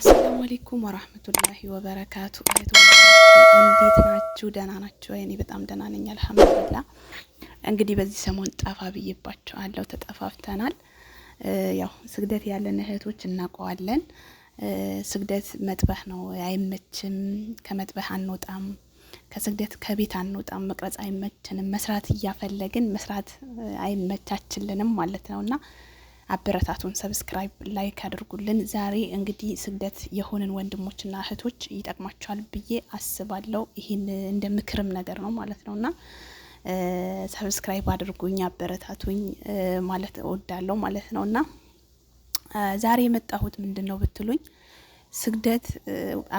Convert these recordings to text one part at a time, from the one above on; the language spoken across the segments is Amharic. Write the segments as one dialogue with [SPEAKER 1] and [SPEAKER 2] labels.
[SPEAKER 1] አሰላሙ አሌይኩም ወራህመቱላሂ ወበረካቱ። እንዴት ናችሁ? ደህና ናችሁ? እኔ በጣም ደህና ነኝ አልሐምዱሊላህ። እንግዲህ በዚህ ሰሞን ጠፋ ብዬባችኋለሁ፣ ተጠፋፍተናል። ያው ስግደት ያለን እህቶች እናውቀዋለን። ስግደት መጥበህ ነው፣ አይመችም። ከመጥበህ አንወጣም፣ ከስግደት ከቤት አንወጣም። መቅረጽ አይመችንም፣ መስራት እያፈለግን መስራት አይመቻችልንም ማለት ነው እና አበረታቱን፣ ሰብስክራይብ፣ ላይክ አድርጉልን። ዛሬ እንግዲህ ስግደት የሆንን ወንድሞችና እህቶች ይጠቅማቸዋል ብዬ አስባለሁ። ይህን እንደ ምክርም ነገር ነው ማለት ነውና ሰብስክራይብ አድርጉኝ፣ አበረታቱኝ ማለት እወዳለሁ ማለት ነውና ዛሬ የመጣሁት ምንድን ነው ብትሉኝ ስግደት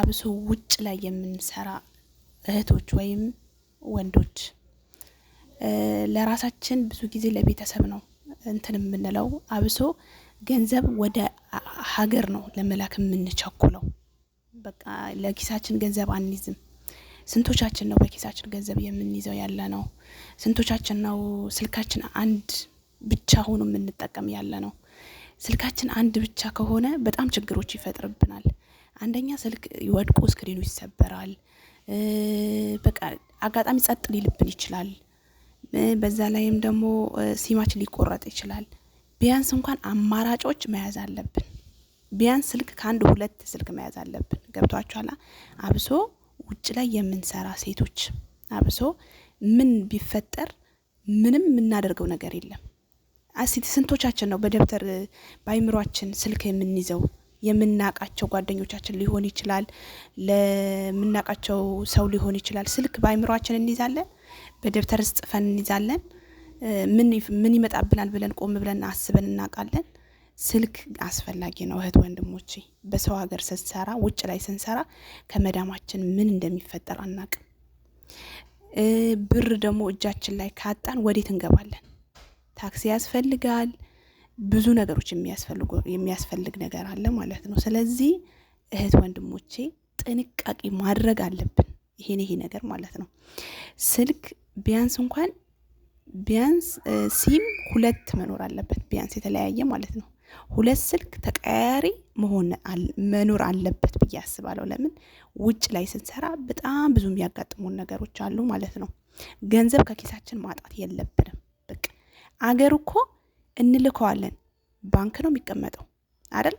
[SPEAKER 1] አብሶ ውጭ ላይ የምንሰራ እህቶች ወይም ወንዶች ለራሳችን ብዙ ጊዜ ለቤተሰብ ነው እንትን የምንለው አብሶ ገንዘብ ወደ ሀገር ነው ለመላክ የምንቸኩለው። በቃ ለኪሳችን ገንዘብ አንይዝም። ስንቶቻችን ነው በኪሳችን ገንዘብ የምንይዘው ያለ ነው? ስንቶቻችን ነው ስልካችን አንድ ብቻ ሆኖ የምንጠቀም ያለ ነው? ስልካችን አንድ ብቻ ከሆነ በጣም ችግሮች ይፈጥርብናል። አንደኛ ስልክ ወድቆ ስክሪኑ ይሰበራል። በቃ አጋጣሚ ጸጥ ሊልብን ይችላል። በዛ ላይም ደግሞ ሲማች ሊቆረጥ ይችላል። ቢያንስ እንኳን አማራጮች መያዝ አለብን። ቢያንስ ስልክ ከአንድ ሁለት ስልክ መያዝ አለብን። ገብቷችኋላ? አብሶ ውጭ ላይ የምንሰራ ሴቶች አብሶ ምን ቢፈጠር ምንም የምናደርገው ነገር የለም። አሲት ስንቶቻችን ነው በደብተር በአይምሯችን ስልክ የምንይዘው? የምናቃቸው ጓደኞቻችን ሊሆን ይችላል፣ ለምናቃቸው ሰው ሊሆን ይችላል። ስልክ በአይምሯችን እንይዛለን። በደብተር ጽፈን እንይዛለን። ምን ይመጣብናል ብለን ቆም ብለን አስበን እናውቃለን። ስልክ አስፈላጊ ነው እህት ወንድሞቼ። በሰው ሀገር ስንሰራ ውጭ ላይ ስንሰራ ከመዳማችን ምን እንደሚፈጠር አናቅም። ብር ደግሞ እጃችን ላይ ካጣን ወዴት እንገባለን? ታክሲ ያስፈልጋል። ብዙ ነገሮች የሚያስፈልግ ነገር አለ ማለት ነው። ስለዚህ እህት ወንድሞቼ ጥንቃቄ ማድረግ አለብን። ይሄን ይሄ ነገር ማለት ነው። ስልክ ቢያንስ እንኳን ቢያንስ ሲም ሁለት መኖር አለበት፣ ቢያንስ የተለያየ ማለት ነው። ሁለት ስልክ ተቀያሪ መሆን መኖር አለበት ብዬ አስባለሁ። ለምን ውጭ ላይ ስንሰራ በጣም ብዙ የሚያጋጥሙን ነገሮች አሉ ማለት ነው። ገንዘብ ከኪሳችን ማጣት የለብንም። በቃ አገር እኮ እንልከዋለን፣ ባንክ ነው የሚቀመጠው አይደል?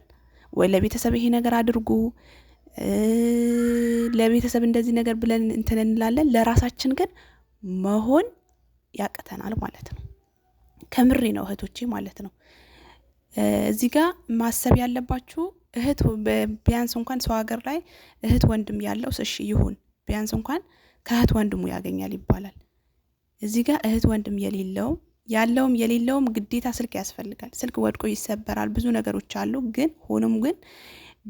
[SPEAKER 1] ወይ ለቤተሰብ ይሄ ነገር አድርጉ ለቤተሰብ እንደዚህ ነገር ብለን እንትን እንላለን። ለራሳችን ግን መሆን ያቅተናል ማለት ነው። ከምሬ ነው እህቶቼ ማለት ነው። እዚህ ጋ ማሰብ ያለባችሁ እህት ቢያንስ እንኳን ሰው ሀገር ላይ እህት ወንድም ያለው እሺ ይሁን፣ ቢያንስ እንኳን ከእህት ወንድሙ ያገኛል ይባላል። እዚህ ጋር እህት ወንድም የሌለውም ያለውም የሌለውም ግዴታ ስልክ ያስፈልጋል። ስልክ ወድቆ ይሰበራል። ብዙ ነገሮች አሉ። ግን ሆኖም ግን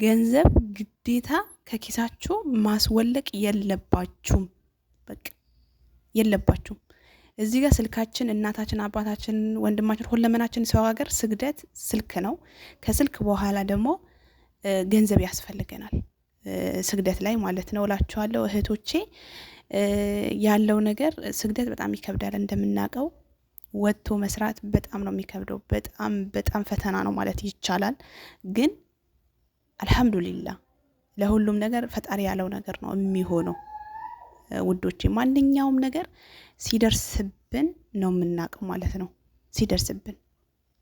[SPEAKER 1] ገንዘብ ግዴታ ከኪሳችሁ ማስወለቅ የለባችሁም። በቃ የለባችሁም። እዚህ ጋር ስልካችን እናታችን፣ አባታችን፣ ወንድማችን፣ ሁለመናችን ሰው ሀገር ስግደት ስልክ ነው። ከስልክ በኋላ ደግሞ ገንዘብ ያስፈልገናል ስግደት ላይ ማለት ነው እላችኋለሁ እህቶቼ። ያለው ነገር ስግደት በጣም ይከብዳል እንደምናውቀው ወጥቶ መስራት በጣም ነው የሚከብደው። በጣም በጣም ፈተና ነው ማለት ይቻላል ግን አልሐምዱሊላ ለሁሉም ነገር ፈጣሪ ያለው ነገር ነው የሚሆነው። ውዶቼ ማንኛውም ነገር ሲደርስብን ነው የምናውቀው ማለት ነው። ሲደርስብን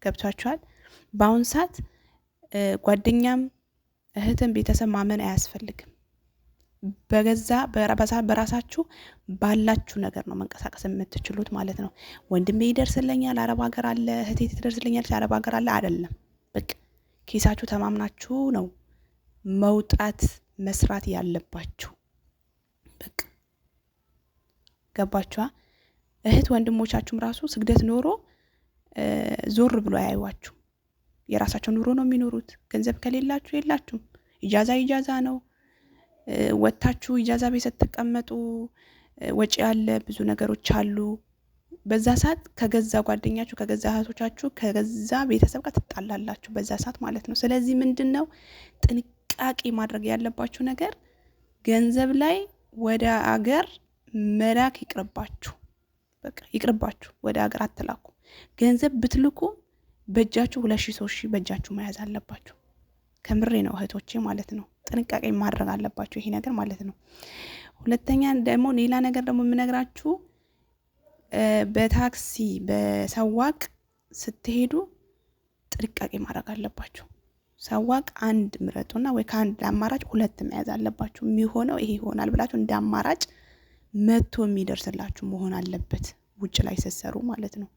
[SPEAKER 1] ገብቷችኋል። በአሁን ሰዓት ጓደኛም እህትን ቤተሰብ ማመን አያስፈልግም። በገዛ በራሳችሁ ባላችሁ ነገር ነው መንቀሳቀስ የምትችሉት ማለት ነው። ወንድሜ ይደርስልኛል አረብ ሀገር አለ አይደለም። በቃ ኪሳችሁ ተማምናችሁ ነው መውጣት መስራት ያለባችሁ። በቃ ገባችኋ? እህት ወንድሞቻችሁም ራሱ ስግደት ኖሮ ዞር ብሎ አያዩዋችሁ። የራሳቸው ኑሮ ነው የሚኖሩት። ገንዘብ ከሌላችሁ የላችሁም። ኢጃዛ ኢጃዛ ነው። ወጥታችሁ ኢጃዛ ቤት ስትቀመጡ ወጪ ያለ ብዙ ነገሮች አሉ። በዛ ሰዓት ከገዛ ጓደኛችሁ፣ ከገዛ እህቶቻችሁ፣ ከገዛ ቤተሰብ ጋር ትጣላላችሁ በዛ ሰዓት ማለት ነው። ስለዚህ ምንድን ነው ጥንቅ ጥንቃቄ ማድረግ ያለባችሁ ነገር ገንዘብ ላይ ወደ አገር መላክ ይቅርባችሁ። በቃ ይቅርባችሁ፣ ወደ አገር አትላኩ። ገንዘብ ብትልኩ በእጃችሁ ሁለት ሺ ሶስት ሺ በእጃችሁ መያዝ አለባችሁ። ከምሬ ነው እህቶቼ ማለት ነው። ጥንቃቄ ማድረግ አለባችሁ ይሄ ነገር ማለት ነው። ሁለተኛ ደግሞ ሌላ ነገር ደግሞ የምነግራችሁ በታክሲ በሰዋቅ ስትሄዱ ጥንቃቄ ማድረግ አለባችሁ። ሰዋቅ አንድ ምረጡና ወይ ከአንድ አማራጭ ሁለት መያዝ አለባችሁ። የሚሆነው ይሄ ይሆናል ብላችሁ እንደ አማራጭ መቶ የሚደርስላችሁ መሆን አለበት፣ ውጭ ላይ ስትሰሩ ማለት ነው።